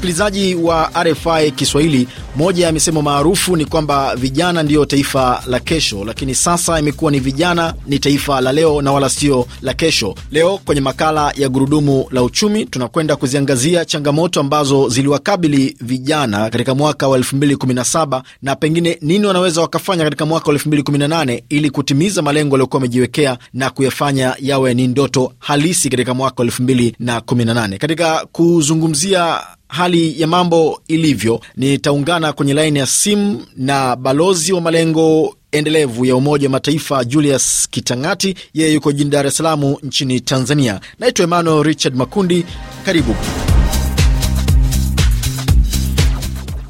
Msikilizaji wa RFI Kiswahili, moja ya misemo maarufu ni kwamba vijana ndiyo taifa la kesho, lakini sasa imekuwa ni vijana ni taifa la leo na wala sio la kesho. Leo kwenye makala ya Gurudumu la Uchumi tunakwenda kuziangazia changamoto ambazo ziliwakabili vijana katika mwaka wa 2017 na pengine nini wanaweza wakafanya katika mwaka wa 2018 ili kutimiza malengo yaliyokuwa wamejiwekea na kuyafanya yawe ni ndoto halisi katika mwaka wa 2018. Katika kuzungumzia hali ya mambo ilivyo, nitaungana kwenye laini ya simu na balozi wa malengo endelevu ya Umoja wa Mataifa Julius Kitangati, yeye yuko jijini Dar es Salaam nchini Tanzania. Naitwa Emmanuel Richard Makundi, karibu.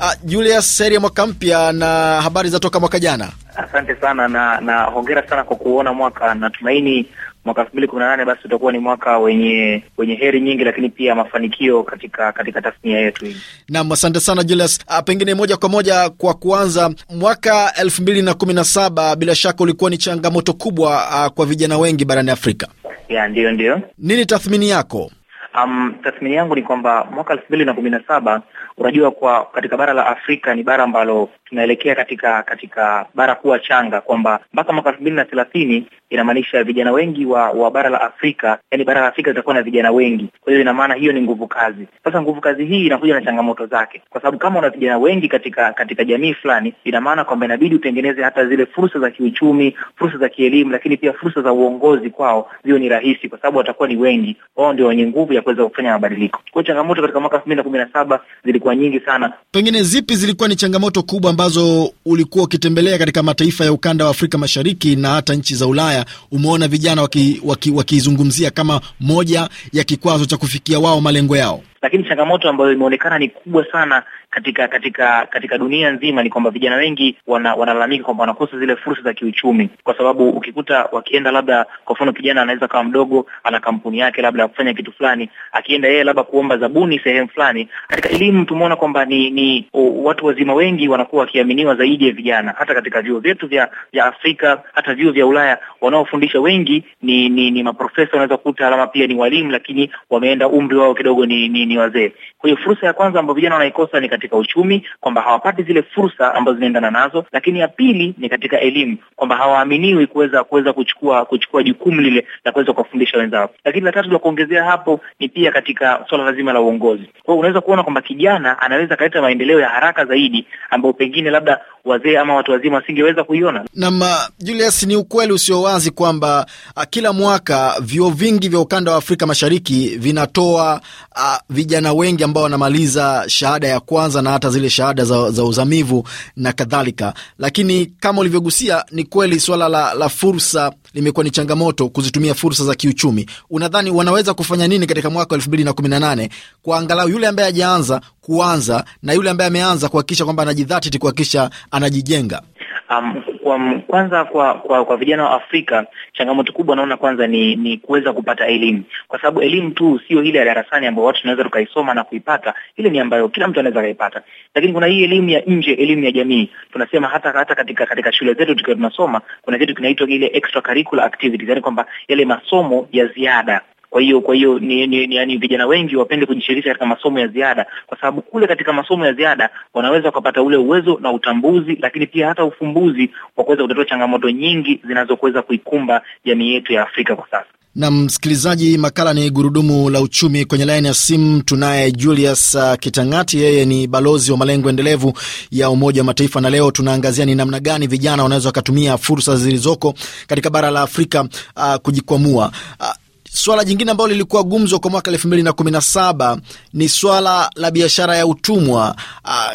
Uh, Julius, heri ya mwaka mpya na habari za toka mwaka jana. Asante sana na, na hongera sana kwa kuona mwaka. Natumaini mwaka elfu mbili kumi na nane basi utakuwa ni mwaka wenye wenye heri nyingi, lakini pia mafanikio katika katika tasnia yetu hii. Naam, asante sana Julius. Ah, pengine moja kwa moja kwa kuanza, mwaka elfu mbili na kumi na saba bila shaka ulikuwa ni changamoto kubwa a, ah, kwa vijana wengi barani Afrika. Ya, ndiyo ndiyo. Nini tathmini yako? Um, tathmini yangu ni kwamba mwaka elfu mbili na kumi na saba Unajua, kwa katika bara la Afrika ni bara ambalo tunaelekea katika katika bara kuwa changa, kwamba mpaka mwaka elfu mbili na thelathini inamaanisha vijana wengi wa wa bara la Afrika, yani bara la Afrika litakuwa na vijana wengi. Kwa hiyo ina maana hiyo ni nguvu kazi. Sasa nguvu kazi hii inakuja na changamoto zake, kwa sababu kama una vijana wengi katika katika jamii fulani, ina maana kwamba inabidi utengeneze hata zile fursa za kiuchumi, fursa za kielimu, lakini pia fursa za uongozi kwao ziwe ni rahisi, kwa sababu watakuwa ni wengi. Wao ndio wenye nguvu ya kuweza kufanya mabadiliko. Kwa changamoto katika mwaka elfu mbili na kumi na saba zilikuwa zilikuwa nyingi sana. Pengine zipi zilikuwa ni changamoto kubwa ambazo ulikuwa ukitembelea katika mataifa ya ukanda wa Afrika Mashariki na hata nchi za Ulaya, umeona vijana wakizungumzia waki, waki kama moja ya kikwazo cha kufikia wao malengo yao? Lakini changamoto ambayo imeonekana ni kubwa sana katika katika katika dunia nzima ni kwamba vijana wengi wana, wanalalamika kwamba wanakosa zile fursa za kiuchumi, kwa sababu ukikuta wakienda labda, kwa mfano, kijana anaweza kawa mdogo, ana kampuni yake labda ya kufanya kitu fulani, akienda yeye labda kuomba zabuni sehemu fulani. Katika elimu tumeona kwamba ni ni o, watu wazima wengi wanakuwa wakiaminiwa zaidi ya vijana, hata katika vyuo vyetu vya vya Afrika, hata vyuo vya Ulaya, wanaofundisha wengi ni ni, ni maprofesa, wanaweza kukuta alama pia ni walimu, lakini wameenda umri wao kidogo ni, ni ni wazee. Kwa hiyo fursa ya kwanza ambayo vijana wanaikosa ni katika uchumi, kwamba hawapati zile fursa ambazo zinaendana nazo, lakini ya pili ni katika elimu, kwamba hawaaminiwi kuweza kuweza kuchukua kuchukua jukumu lile la kuweza kuwafundisha wenzao. Lakini la tatu la kuongezea hapo ni pia katika swala zima la uongozi. Kwa hiyo unaweza kuona kwamba kijana anaweza akaleta maendeleo ya haraka zaidi ambayo pengine labda wazee ama watu wazima wasingeweza kuiona. Naam, Julius, ni ukweli usio wazi kwamba ah, kila mwaka vyuo vingi vya ukanda wa Afrika Mashariki vinatoa a, ah, vijana wengi ambao wanamaliza shahada ya kwanza na hata zile shahada za, za uzamivu na kadhalika. Lakini kama ulivyogusia, ni kweli swala la, la fursa limekuwa ni changamoto kuzitumia fursa za kiuchumi. Unadhani wanaweza kufanya nini katika mwaka wa elfu mbili na kumi na nane kwa angalau yule ambaye hajaanza kuanza na yule ambaye ameanza kuhakikisha kwamba anajidhatiti kuhakikisha anajijenga? Um, kwa, kwanza kwa kwa, kwa vijana wa Afrika changamoto kubwa naona kwanza ni ni kuweza kupata elimu, kwa sababu elimu tu sio ile ya darasani ambayo watu tunaweza tukaisoma na kuipata. Ile ni ambayo kila mtu anaweza kaipata, lakini kuna hii elimu ya nje, elimu ya jamii tunasema. Hata hata katika katika shule zetu tukiwa tunasoma, kuna kitu kinaitwa ile extracurricular activities, yani kwamba yale masomo ya ziada kwa hiyo kwa hiyo ni, ni, ni, yani vijana wengi wapende kujishirisha katika masomo ya ziada, kwa sababu kule katika masomo ya ziada wanaweza wakapata ule uwezo na utambuzi, lakini pia hata ufumbuzi wa kuweza kutatua changamoto nyingi zinazoweza kuikumba jamii yetu ya Afrika kwa sasa. Na msikilizaji, makala ni gurudumu la uchumi. Kwenye laini ya simu tunaye Julius uh, Kitangati, yeye ni balozi wa malengo endelevu ya Umoja wa Mataifa, na leo tunaangazia ni namna gani vijana wanaweza wakatumia fursa zilizoko katika bara la Afrika uh, kujikwamua. Uh, Swala jingine ambalo lilikuwa gumzo kwa mwaka elfu mbili na kumi na saba ni swala la biashara ya utumwa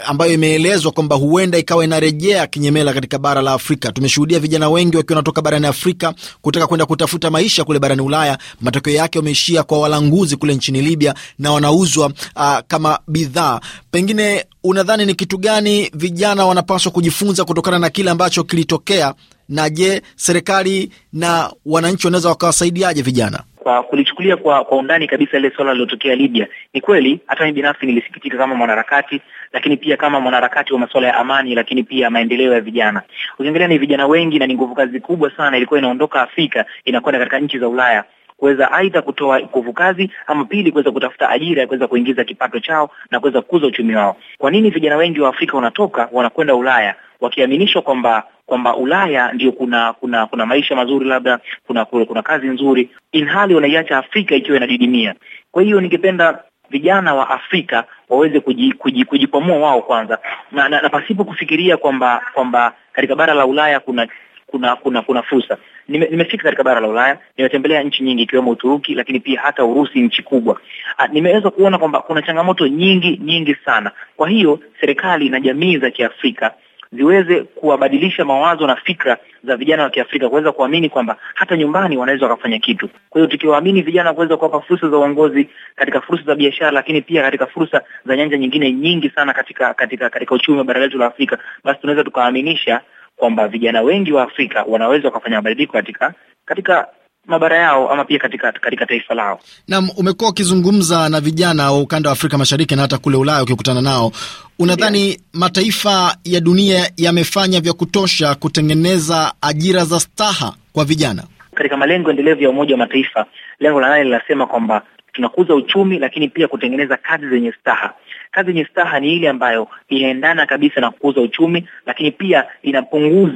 ambayo imeelezwa kwamba huenda ikawa inarejea kinyemela katika bara la Afrika. Tumeshuhudia vijana wengi wakiwa wanatoka barani Afrika kutaka kwenda kutafuta maisha kule barani Ulaya. Matokeo yake wameishia kwa walanguzi kule nchini Libya na wanauzwa uh, kama bidhaa. Pengine unadhani ni kitu gani vijana wanapaswa kujifunza kutokana na kile ambacho kilitokea, na je, serikali na wananchi wanaweza wakawasaidiaje vijana? kwa kulichukulia kwa, kwa undani kabisa ile swala lilotokea Libya. Ni kweli hata mimi binafsi nilisikitika kama mwanaharakati, lakini pia kama mwanaharakati wa masuala ya amani, lakini pia maendeleo ya vijana. Ukiangalia ni vijana wengi na ni nguvu kazi kubwa sana ilikuwa inaondoka Afrika inakwenda katika nchi za Ulaya kuweza aidha kutoa nguvu kazi ama pili kuweza kutafuta ajira ya kuweza kuingiza kipato chao na kuweza kukuza uchumi wao. Kwa nini vijana wengi wa Afrika wanatoka wanakwenda Ulaya wakiaminishwa kwamba kwamba Ulaya ndio kuna kuna kuna maisha mazuri, labda kuna kuna kazi nzuri, inhali wanaiacha Afrika ikiwa inadidimia. Kwa hiyo ningependa vijana wa Afrika waweze kujipamua kuji, kuji wao kwanza na, na, na pasipo kufikiria kwamba kwamba katika bara la Ulaya kuna kuna kuna kuna fursa. Nimefika nime katika bara la Ulaya, nimetembelea nchi nyingi ikiwemo Uturuki, lakini pia hata Urusi, nchi kubwa. Ah, nimeweza kuona kwamba kuna changamoto nyingi nyingi sana. Kwa hiyo serikali na jamii za Kiafrika ziweze kuwabadilisha mawazo na fikra za vijana wa Kiafrika kuweza kuamini kwamba hata nyumbani wanaweza wakafanya kitu. Kwa hiyo tukiwaamini vijana kuweza kuwapa fursa za uongozi katika fursa za biashara, lakini pia katika fursa za nyanja nyingine nyingi sana katika katika katika uchumi wa bara letu la Afrika, basi tunaweza tukaaminisha kwamba vijana wengi wa Afrika wanaweza wakafanya mabadiliko katika katika mabara yao ama pia katika, katika taifa lao. Naam, umekuwa ukizungumza na vijana wa ukanda wa Afrika Mashariki na hata kule Ulaya ukikutana nao, unadhani yeah, mataifa ya dunia yamefanya vya kutosha kutengeneza ajira za staha kwa vijana? Katika malengo endelevu ya Umoja wa Mataifa, lengo la nane linasema kwamba tunakuza uchumi, lakini pia kutengeneza kazi zenye staha. Kazi yenye staha ni ile ambayo inaendana kabisa na kukuza uchumi, lakini pia inapunguza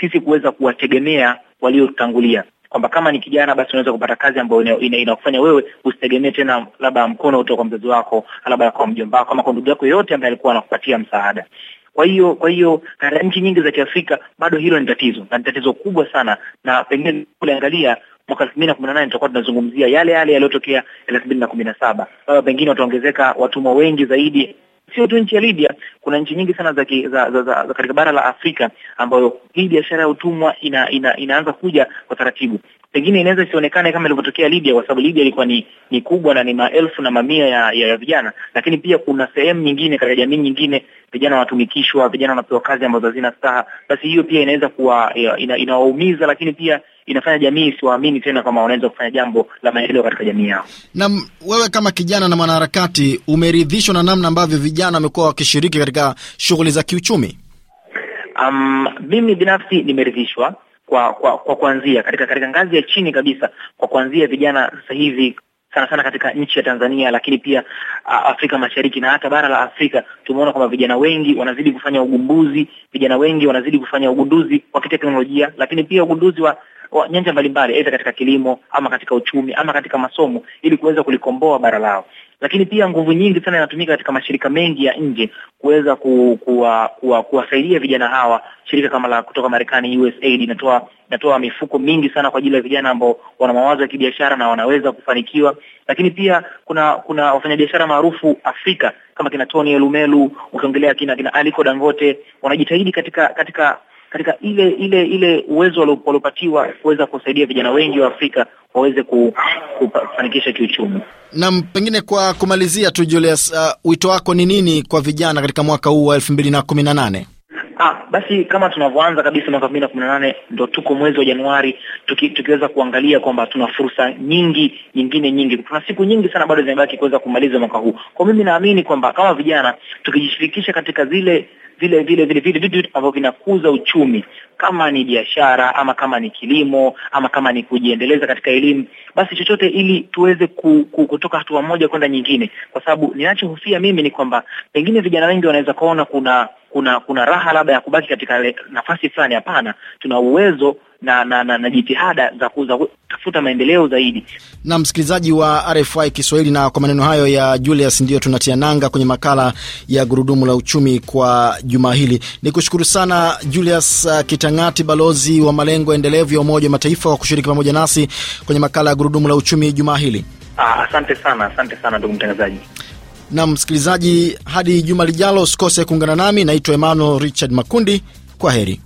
sisi kuweza kuwategemea waliotangulia kwamba kama ni kijana basi unaweza kupata kazi ambayo inakufanya ina, ina wewe usitegemee tena labda mkono kutoka kwa mzazi wako, labda kwa mjomba wako ama kwa ndugu yako yoyote ambaye alikuwa anakupatia msaada. Kwa hiyo kwa hiyo katika nchi nyingi za Kiafrika bado hilo ni tatizo na ni tatizo kubwa sana, na pengine uliangalia mwaka elfu mbili na kumi na nane tutakuwa tunazungumzia yale yale yaliyotokea elfu mbili na kumi na saba. Labda pengine wataongezeka watumwa wengi zaidi sio tu nchi ya Libya, kuna nchi nyingi sana za, za, za, za, za katika bara la Afrika ambayo hii biashara ya utumwa ina, ina, inaanza kuja kwa taratibu. Pengine inaweza isionekane kama ilivyotokea Libya, kwa sababu Libya ilikuwa ni, ni kubwa na ni maelfu na mamia ya, ya, ya vijana, lakini pia kuna sehemu nyingine katika jamii nyingine vijana wanatumikishwa, vijana wanapewa kazi ambazo hazina staha. Basi hiyo pia inaweza kuwa inawaumiza, ina, lakini pia inafanya jamii isiwaamini tena kwamba wanaweza kufanya jambo la maendeleo katika jamii yao. Na wewe kama kijana na mwanaharakati, umeridhishwa na namna ambavyo vijana wamekuwa wakishiriki katika shughuli za kiuchumi? Um, mimi binafsi nimeridhishwa kwa kwa kwa kuanzia katika katika ngazi ya chini kabisa, kwa kuanzia vijana sasa hivi sana sana katika nchi ya Tanzania lakini pia a, Afrika Mashariki na hata bara la Afrika, tumeona kwamba vijana wengi wanazidi kufanya ugumbuzi, vijana wengi wanazidi kufanya ugunduzi wa kiteknolojia, lakini pia ugunduzi wa nyanja mbalimbali, aidha katika kilimo ama katika uchumi ama katika masomo, ili kuweza kulikomboa bara lao. Lakini pia nguvu nyingi sana inatumika katika mashirika mengi ya nje kuweza ku, kuwa, kuwa, kuwasaidia vijana hawa. Shirika kama la kutoka Marekani USAID inatoa inatoa mifuko mingi sana kwa ajili ya vijana ambao wana mawazo ya kibiashara na wanaweza kufanikiwa. Lakini pia kuna kuna wafanyabiashara maarufu Afrika kama kina Tony Elumelu, ukiongelea kina kina Aliko Dangote, wanajitahidi katika katika katika ile ile ile uwezo waliopatiwa kuweza kusaidia vijana wengi wa Afrika waweze kufanikisha kiuchumi. Naam, pengine kwa kumalizia tu Julius, uh, wito wako ni nini kwa vijana katika mwaka huu wa elfu mbili na kumi na nane? Ah, basi kama tunavyoanza kabisa mwaka elfu mbili na kumi na nane ndo tuko mwezi wa Januari tuki, tukiweza kuangalia kwamba tuna fursa nyingi nyingine nyingi, Kuna siku nyingi sana bado zimebaki kuweza kumaliza mwaka huu. Kwa mimi naamini kwamba kama vijana tukijishirikisha katika zile vile vile vile vile vitu ambavyo vinakuza uchumi, kama ni biashara ama kama ni kilimo ama kama ni kujiendeleza katika elimu, basi chochote, ili tuweze ku, ku, kutoka hatua moja kwenda nyingine, kwa sababu ninachohofia mimi ni kwamba pengine vijana wengi wanaweza kuona kuna kuna kuna raha labda ya kubaki katika nafasi fulani. Hapana, tuna uwezo na na, na, na jitihada za kuza kutafuta maendeleo zaidi. Na msikilizaji wa RFI Kiswahili, na kwa maneno hayo ya Julius, ndiyo tunatia nanga kwenye makala ya gurudumu la uchumi kwa juma hili. Ni kushukuru sana Julius uh, Kitangati, balozi wa malengo endelevu ya Umoja wa Mataifa, kwa kushiriki pamoja nasi kwenye makala ya gurudumu la uchumi juma hili. Ah, asante sana, asante sana ndugu mtangazaji. Na msikilizaji, hadi juma lijalo, usikose kuungana nami. Naitwa Emmanuel Richard Makundi, kwa heri.